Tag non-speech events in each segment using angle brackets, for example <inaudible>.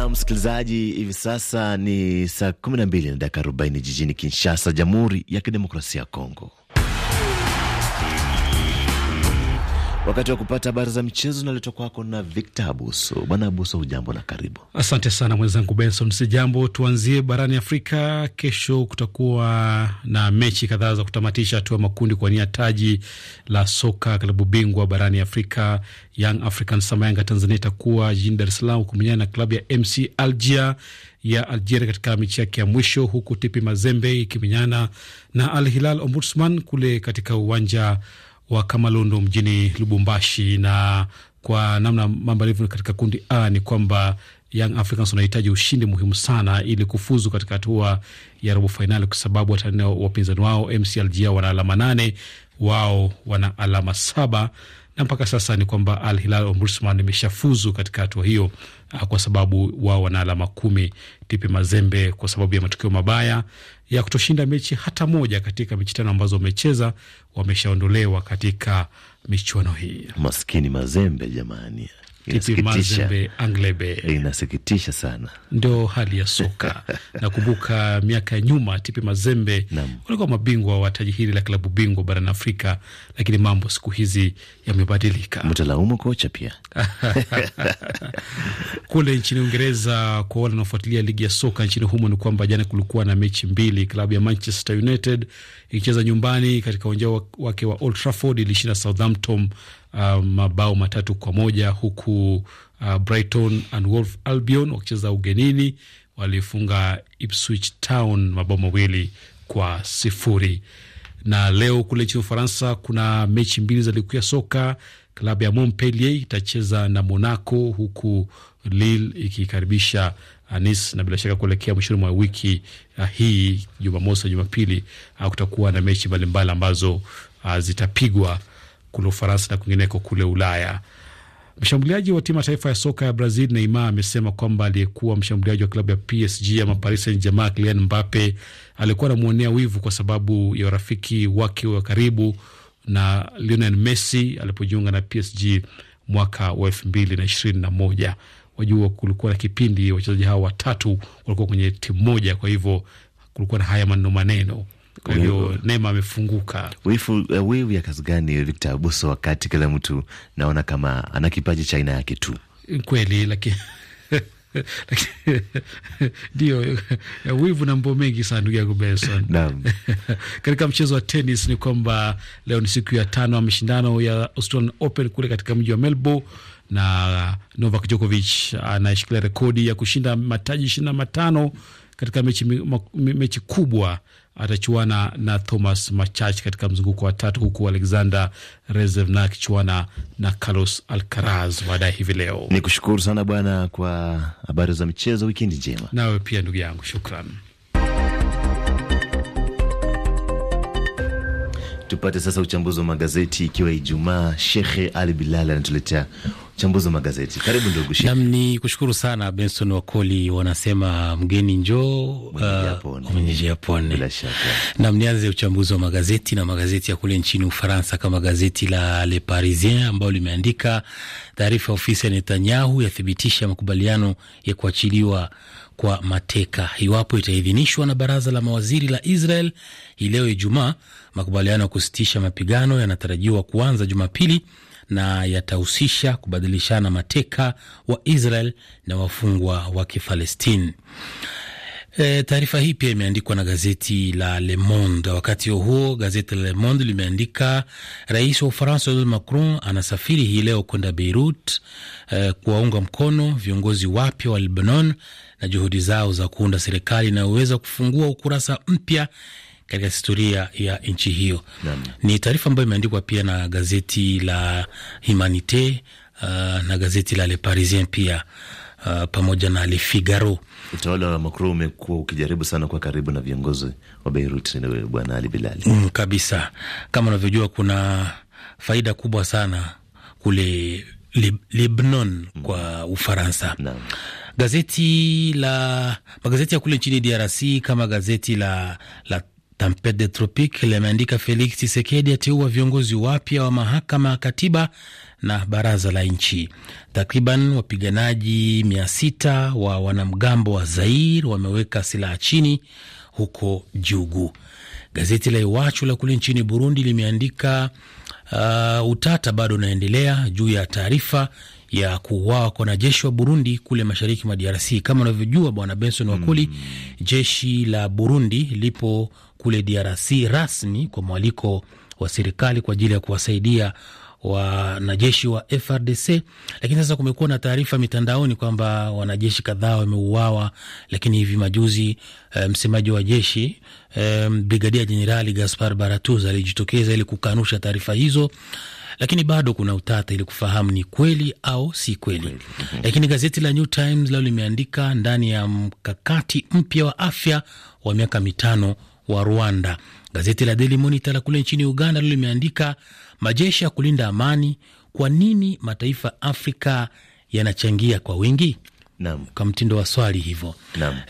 na msikilizaji, hivi sasa ni saa 12 na dakika 40 jijini Kinshasa, Jamhuri ya Kidemokrasia ya Kongo. Wakati wa kupata habari za michezo inaletwa kwako na Victor Abuso. Bwana Abuso, hujambo na karibu. Asante sana mwenzangu Benson. jambo, Tuanzie barani Afrika. Kesho kutakuwa na mechi kadhaa za kutamatisha hatua makundi kwa nia taji la soka klabu bingwa barani Afrika. Young African Samayanga Tanzania itakuwa jijini Dar es Salaam kumenyana na klabu ya MC Algia ya Algeria katika mechi yake ya mwisho, huku Tipi Mazembe ikimenyana na Al Hilal Ombudsman kule katika uwanja wa Kamalondo mjini Lubumbashi. Na kwa namna mambo yalivyo katika kundi A ni kwamba Young Africans wanahitaji ushindi muhimu sana ili kufuzu katika hatua ya robo fainali, kwa sababu watani wapinzani wao MC Alger wana alama nane, wao wana alama saba, na mpaka sasa ni kwamba Al Hilal Omdurman imeshafuzu katika hatua hiyo. Ah, kwa sababu wao wana alama kumi. TP Mazembe kwa sababu ya matokeo mabaya ya kutoshinda mechi hata moja katika mechi tano ambazo wamecheza, wameshaondolewa katika michuano hii. Maskini Mazembe jamani. Anglebe, inasikitisha sana, ndio hali ya soka <laughs> nakumbuka miaka ya nyuma TP Mazembe walikuwa mabingwa wa taji hili la klabu bingwa barani Afrika, lakini mambo siku hizi yamebadilika. Mtalaumu kocha pia. <laughs> Kule nchini Uingereza, kwa wale wanaofuatilia ligi ya soka nchini humo, ni kwamba jana kulikuwa na mechi mbili. Klabu ya Manchester United ikicheza nyumbani katika uwanja wake wa Old Trafford ilishinda Southampton uh, mabao matatu kwa moja huku uh, Brighton and Wolf Albion wakicheza ugenini walifunga Ipswich Town mabao mawili kwa sifuri. Na leo kule nchini Ufaransa kuna mechi mbili za ligi ya soka. Klabu ya Montpellier itacheza na Monaco huku Lille ikikaribisha anis uh, na bila shaka kuelekea mwishoni mwa wiki uh, hii Jumamosi na Jumapili uh, kutakuwa na mechi mbalimbali ambazo zitapigwa kule Ufaransa na kwingineko kule Ulaya. Mshambuliaji wa timu ya taifa ya soka ya Brazil Neymar amesema kwamba aliyekuwa mshambuliaji wa klabu ya PSG ama Paris Saint Germain Kylian Mbappe alikuwa anamwonea wivu kwa sababu ya urafiki wake wa karibu na Lionel Messi alipojiunga na PSG mwaka wa elfu mbili na ishirini na moja. Wajua, kulikuwa na kipindi wachezaji hao watatu walikuwa kwenye timu moja, kwa hivyo kulikuwa na haya maneno maneno kwa hiyo Neema amefunguka. Eh, wivu uh, ya kazi gani Victor Abuso, wakati kila mtu naona kama ana kipaji cha aina yake tu kweli, lakini <laughs> ndio eh, wivu na mambo mengi sana ndugu yangu Benson. Naam. <laughs> Katika mchezo wa tenis ni kwamba leo ni siku ya tano ya mashindano ya Australian Open kule katika mji wa Melbourne na Novak Djokovic anashikilia rekodi ya kushinda mataji ishirini na matano katika mechi, mechi kubwa atachuana na Thomas Machach katika mzunguko wa tatu, huku Alexander na akichuana na Carlos Alcaraz baadaye hivi leo. Ni kushukuru sana bwana kwa habari za michezo. Wikendi njema nawe pia ndugu yangu, shukran. Tupate sasa uchambuzi wa magazeti ikiwa Ijumaa. Shekhe Ali Bilal anatuletea uchambuzi wa magazeti. Karibu ndugu Sheikh. Nam ni kushukuru sana Benson Wakoli, wanasema mgeni njoo mwenyeji uh, apone. Nam nianze uchambuzi wa magazeti na magazeti ya kule nchini Ufaransa kama gazeti la Le Parisien ambayo limeandika taarifa ya ofisi ya Netanyahu yathibitisha makubaliano ya kuachiliwa kwa mateka iwapo itaidhinishwa na baraza la mawaziri la Israel hii leo Ijumaa. Makubaliano ya kusitisha mapigano yanatarajiwa kuanza Jumapili na yatahusisha kubadilishana mateka wa Israel na wafungwa wa Kifalestini. E, taarifa hii pia imeandikwa na gazeti la Le Monde. Wakati huo gazeti la Le Monde limeandika rais wa Ufaransa Emmanuel Macron anasafiri hii leo kwenda Beirut e, kuwaunga mkono viongozi wapya wa Lebanon na juhudi zao za kuunda serikali inayoweza kufungua ukurasa mpya katika historia ya nchi hiyo. Ni taarifa ambayo imeandikwa pia na gazeti la Humanite uh, na gazeti la Le Parisien pia uh, pamoja na Le Figaro. Utawala wa Macron umekuwa ukijaribu sana kuwa karibu na viongozi wa Beirut, bwana Ali Bilali. Mm, kabisa. Kama unavyojua kuna faida kubwa sana kule Lib Lebanon kwa Ufaransa. Naam. Gazeti la magazeti ya kule nchini DRC kama gazeti la, la Tampet de limeandika Felix Chisekedi ateua viongozi wapya wa mahakama ya katiba na baraza la nchi. Takriban wapiganaji mia sita wa wanamgambo wa Zair wameweka silaha chini huko Jugu. Gazeti la Iwachu la kule nchini Burundi limeandika uh, utata bado unaendelea juu ya taarifa ya kuuawa kwa wanajeshi wa Burundi kule mashariki mwa DRC. Kama unavyojua Bwana Benson Wakuli, mm, jeshi la Burundi lipo kule DRC rasmi kwa mwaliko wa serikali kwa ajili ya kuwasaidia wanajeshi wa FRDC. Lakini sasa kumekuwa na taarifa mitandaoni kwamba wanajeshi kadhaa wameuawa, lakini hivi majuzi e, msemaji wa jeshi e, Brigadia Jenerali Gaspar baratus alijitokeza ili kukanusha taarifa hizo, lakini bado kuna utata ili kufahamu ni kweli au si kweli. Mhm. Lakini gazeti la New Times lao limeandika ndani ya mkakati mpya wa afya wa miaka mitano wa Rwanda. Gazeti la Daily Monitor la kule nchini Uganda lilo limeandika majeshi ya kulinda amani, kwa nini mataifa Afrika yanachangia kwa wingi? Naam, kwa mtindo wa swali hivyo.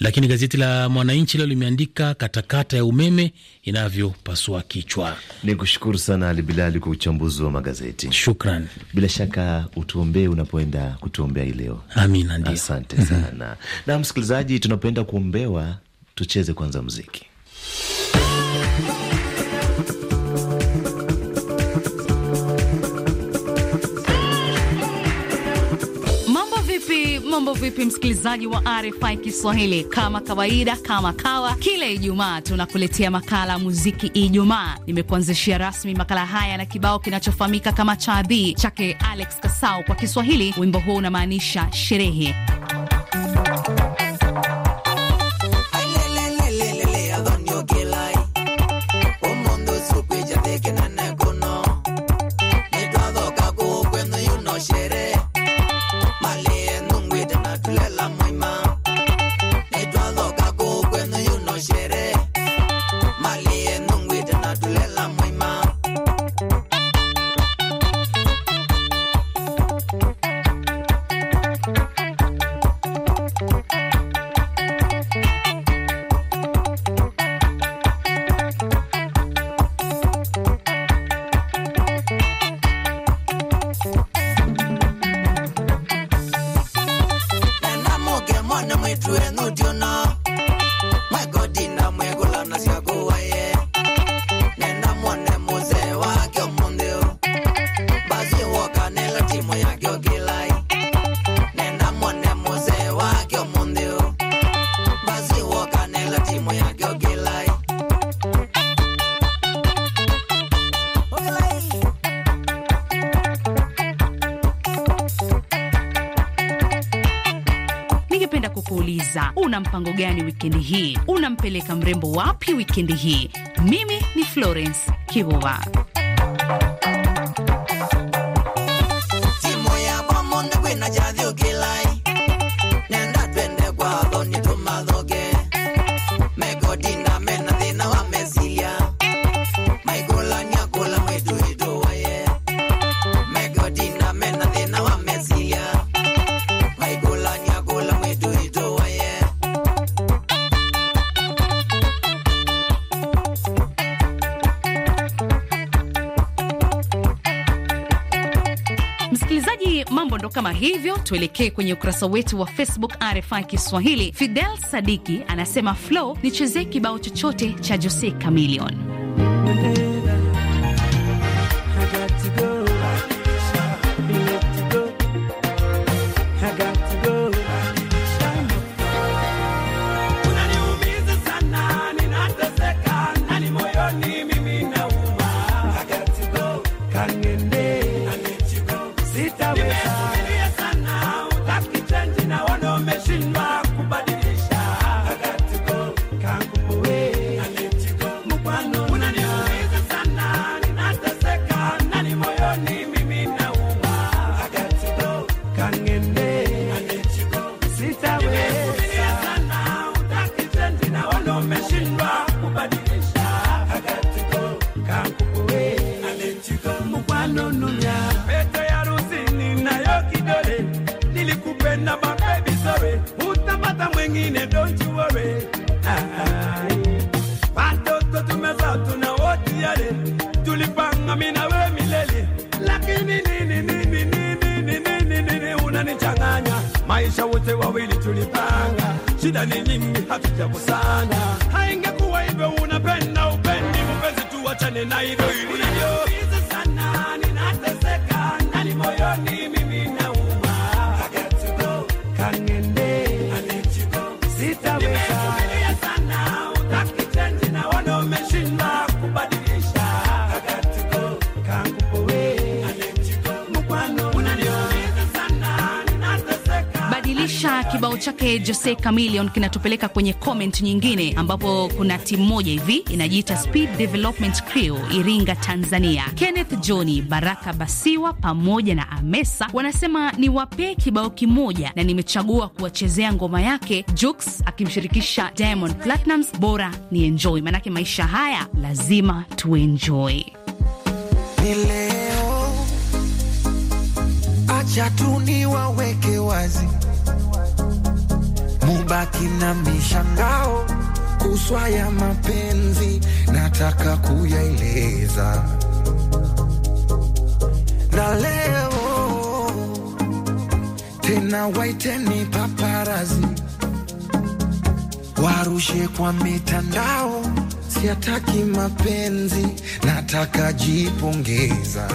Lakini gazeti la Mwananchi lilo limeandika katakata ya umeme inavyopasua kichwa. Ni kushukuru sana Ali Bilali kwa uchambuzi wa magazeti, shukran. Bila shaka utuombee unapoenda kutuombea hii leo. Amina, ndio asante sana. <laughs> Na msikilizaji, tunapoenda kuombewa tucheze kwanza mziki Mambo vipi, msikilizaji wa RFI Kiswahili? Kama kawaida, kama kawa, kila Ijumaa tunakuletea makala ya muziki Ijumaa. Nimekuanzishia rasmi makala haya na kibao kinachofahamika kama Chadhi chake Alex Kasau. Kwa Kiswahili, wimbo huu unamaanisha sherehe. trueno de una mpango gani wikendi hii? Unampeleka mrembo wapi wikendi hii? Mimi ni Florence Kibova. hivyo tuelekee kwenye ukurasa wetu wa Facebook RFI Kiswahili. Fidel Sadiki anasema Flo, nichezee kibao chochote cha Jose Chameleone. wote wawili tulipanga, shida ni nyingi hatujakosana. Haingekuwa hivyo, unapenda upendi, mpenzi, wachane na hivyo. Unaniumiza sana, ninateseka nani moyoni kibao chake Jose Chameleone kinatupeleka kwenye comment nyingine, ambapo kuna timu moja hivi inajiita Speed Development Crew Iringa, Tanzania. Kenneth Johni, Baraka Basiwa pamoja na Amesa wanasema ni wapee kibao kimoja, na nimechagua kuwachezea ngoma yake Jux akimshirikisha Diamond Platnumz, bora ni enjoy, manake maisha haya lazima tuenjoy. Acha tu niwaweke wazi mubaki na mishangao kuswa ya mapenzi, nataka kuyaeleza na leo tena, waiteni paparazi warushe kwa mitandao, siataki mapenzi, nataka jipongeza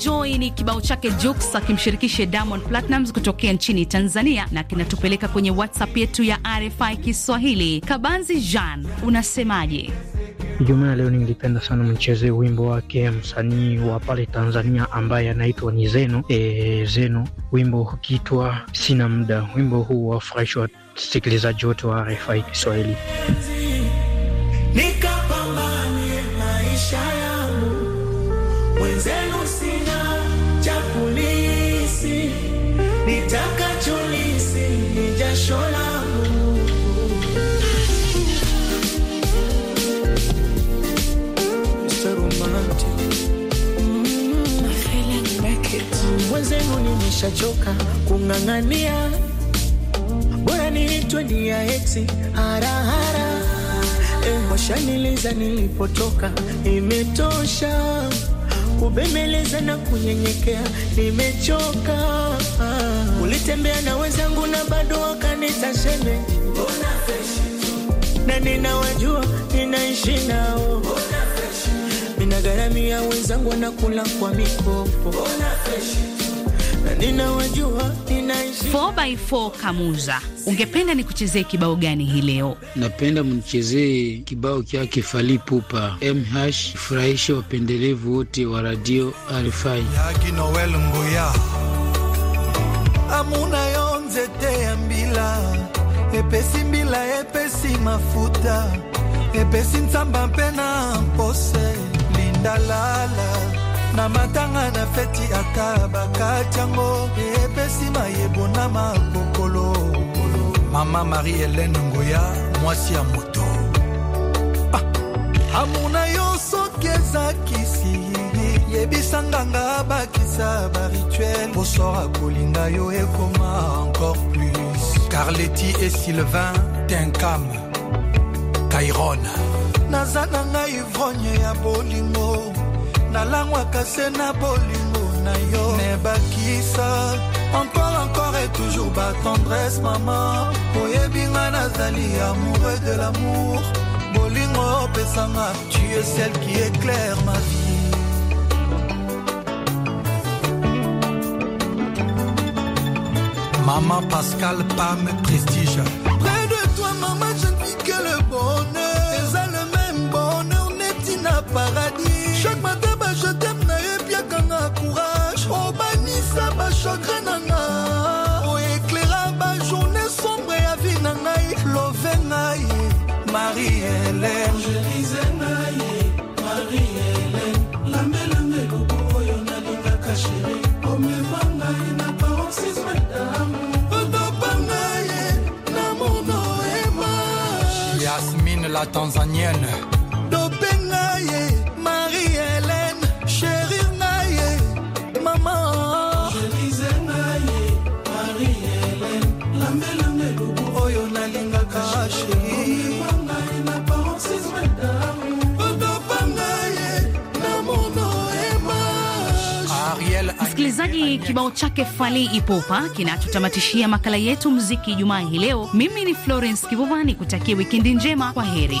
Enjoy ni kibao chake Jux akimshirikishe Diamond Platnumz kutokea nchini Tanzania, na kinatupeleka kwenye WhatsApp yetu ya RFI Kiswahili. Kabanzi Jean, unasemaje? Ijumaa leo ningependa sana mcheze wimbo wake msanii wa pale Tanzania ambaye anaitwa ni Zeno. E, Zeno wimbo ukiitwa sina muda. Wimbo huu wafurahisha wasikilizaji wote wa RFI Kiswahili. jicho Mwenzenu nimeshachoka kung'ang'ania, bora niitwe ni ya eti harahara. E, nilipotoka, imetosha kubembeleza na kunyenyekea, nimechoka. Nilitembea na wenzangu na bado wakanita sheme, na ninawajua ninaishi nao, minagharamia wenzangu wanakula kwa mikopo na ninawajua ninaishi 4x4. Kamuza, ungependa nikuchezee kibao gani hii leo? Napenda mnichezee kibao chake Fally Pupa mh furahisha wapendelevu wote wa radio RFI. amuna yo nzete ya mbila epesi mbila epesi mafuta epesi nzamba mpe na mpose lindalala na matanga na feti ata bakatiango epesi mayebo na makokolo mama marie helene ngoya mwasi ya moto ah. amuna yo soki ezakisi Yebisanganga, bakisa barituel bosora kolinga yo ekoma encore plus carleti et sylvain tinkam kairon naza na ngai ivrogne ya bolingo nalangwaka se na bolingo na yo me bakisa encore encore et toujours tendresse mama oyebi nga nazali amoureux de l'amour bolingo opesanga tu es celle qui éclaire ma vie Maman Pascal, Pam, Prestige. la tanzanienne msikilizaji, kibao chake Fali Ipupa kinachotamatishia makala yetu muziki Ijumaa hii leo. Mimi ni Florence Kivuvani, kutakia wikendi njema, kwa heri.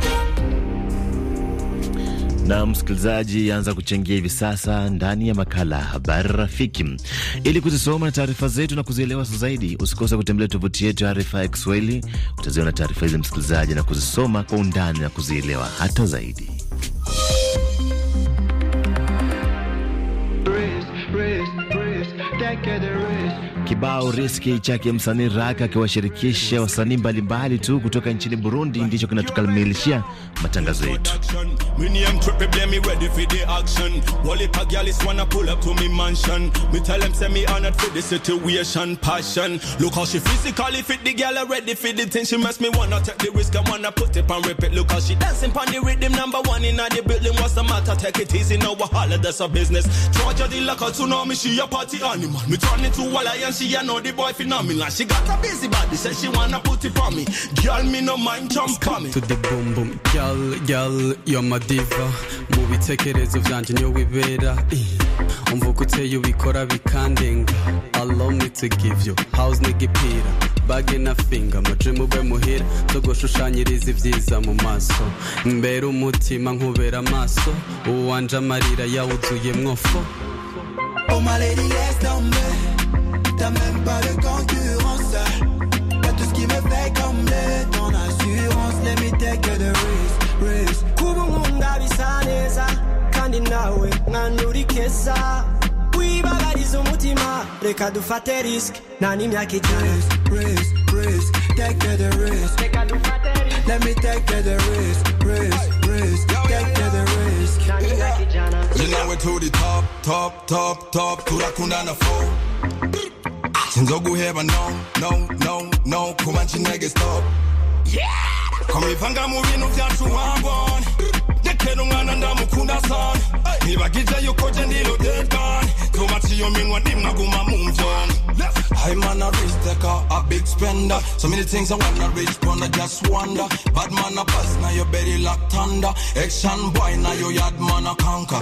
na msikilizaji, anza kuchangia hivi sasa ndani ya makala Habari Rafiki ili kuzisoma taarifa zetu na kuzielewa zaidi. Usikose kutembelea tovuti yetu RFI Kiswahili, utaziona taarifa hizi msikilizaji, na kuzisoma kwa undani na kuzielewa hata zaidi. Kibao Reski chake msanii Raka akiwashirikisha wasanii mbalimbali tu kutoka nchini Burundi ndicho kinatukamilishia matangazo yetu she I know the boy phenomenal. She got a busy body, said she wanna put it for me. Girl, me no mind jump on me. To the boom boom, girl, girl, you're my diva. Movie you Mubi tekerezo vyanje tell you Umvuka uteye ubikora bikandenga. Allow me to give you house nigga nigipira bage na finga muje be muhira tugushushanyiriza ibyiza mu maso mbere maso. nkubera amaso uwanje amarira yawuzuye mwofo Oh my lady, yes, don't mess. T'as même pas de concurrence. T'as tout ce qui me fait combler ton assurance. Let me take the risk, risk. Kubunga bisaneza. Kandi nawe kesa, Wibarariza umutima. Reka dufate risk. Nani myaka icumi. Risk, risk, risk. Take the risk. Reka dufate risk. Let me take the risk, risk, risk. Take the risk. Nani myaka ijana. Ni nawe turi top, top, top, top. Turakundana flow. 진도구해봐 no no no no 고만친 내게 stop Yeah, 거미판가 우린 우자투 한번 내 태롱안 한다 무쿠나선 미박이자 요코젠 니로 대단 도마치 요민과 님나고만 뭉전 I'm man a rich taker, a big spender. So many things I wanna reach, but I just wonder. Bad man a pass, now your belly like thunder. Action boy, now your yard man a conquer.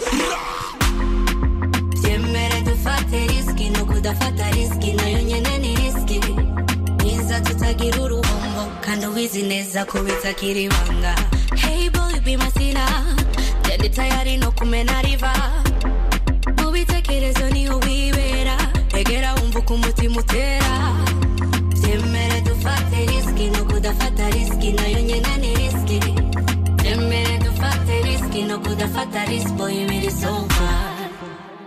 mdafata riski na yonye neni riski inza tutagira uruhombo kandi ubizi neza kubitsa kiribanga hey boy be masina ndi tayari no kumena riva mubitekerezo niho wibera egera wumva uko umutima utera byemere dufate riski no kudafata riski nayo nyene ni riski byemere dufate riski no kudafata riski boy biri so far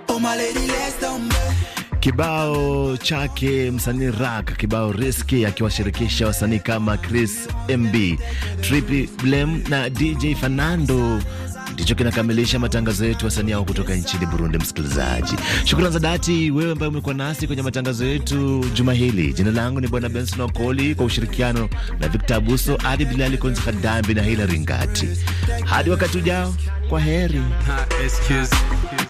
oh my lady let's don't Kibao chake msanii Rak, kibao Riski, akiwashirikisha wasanii kama Chris MB, Trippy Blem na DJ Fernando ndicho kinakamilisha matangazo yetu wasanii hao kutoka nchini Burundi. Msikilizaji, shukrani za dhati wewe ambaye umekuwa nasi kwenye matangazo yetu juma hili. Jina langu ni Bwana Benson Okoli, kwa ushirikiano na Victor Abuso, Adi Bilali, Konzi Kadambi na hila ringati Hadi wakati ujao, kwa heri.